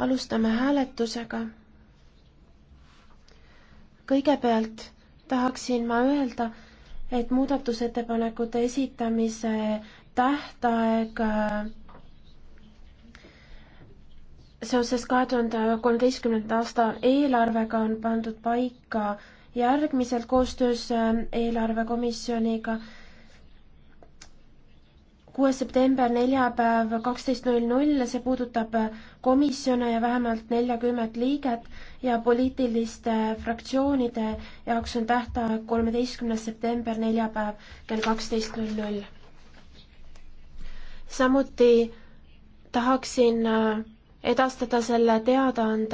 alustame hääletusega. kõigepealt tahaksin ma öelda, et muudatusettepanekute esitamise tähtaeg seoses kahe tuhande kolmeteistkümnenda aasta eelarvega on pandud paika järgmiselt koostöös eelarvekomisjoniga kuues september, neljapäev, kaksteist null null, see puudutab komisjone ja vähemalt neljakümmet liiget ja poliitiliste fraktsioonide jaoks on tähtaeg kolmeteistkümnes september, neljapäev kell kaksteist null null. samuti tahaksin äh, edastada selle teadaande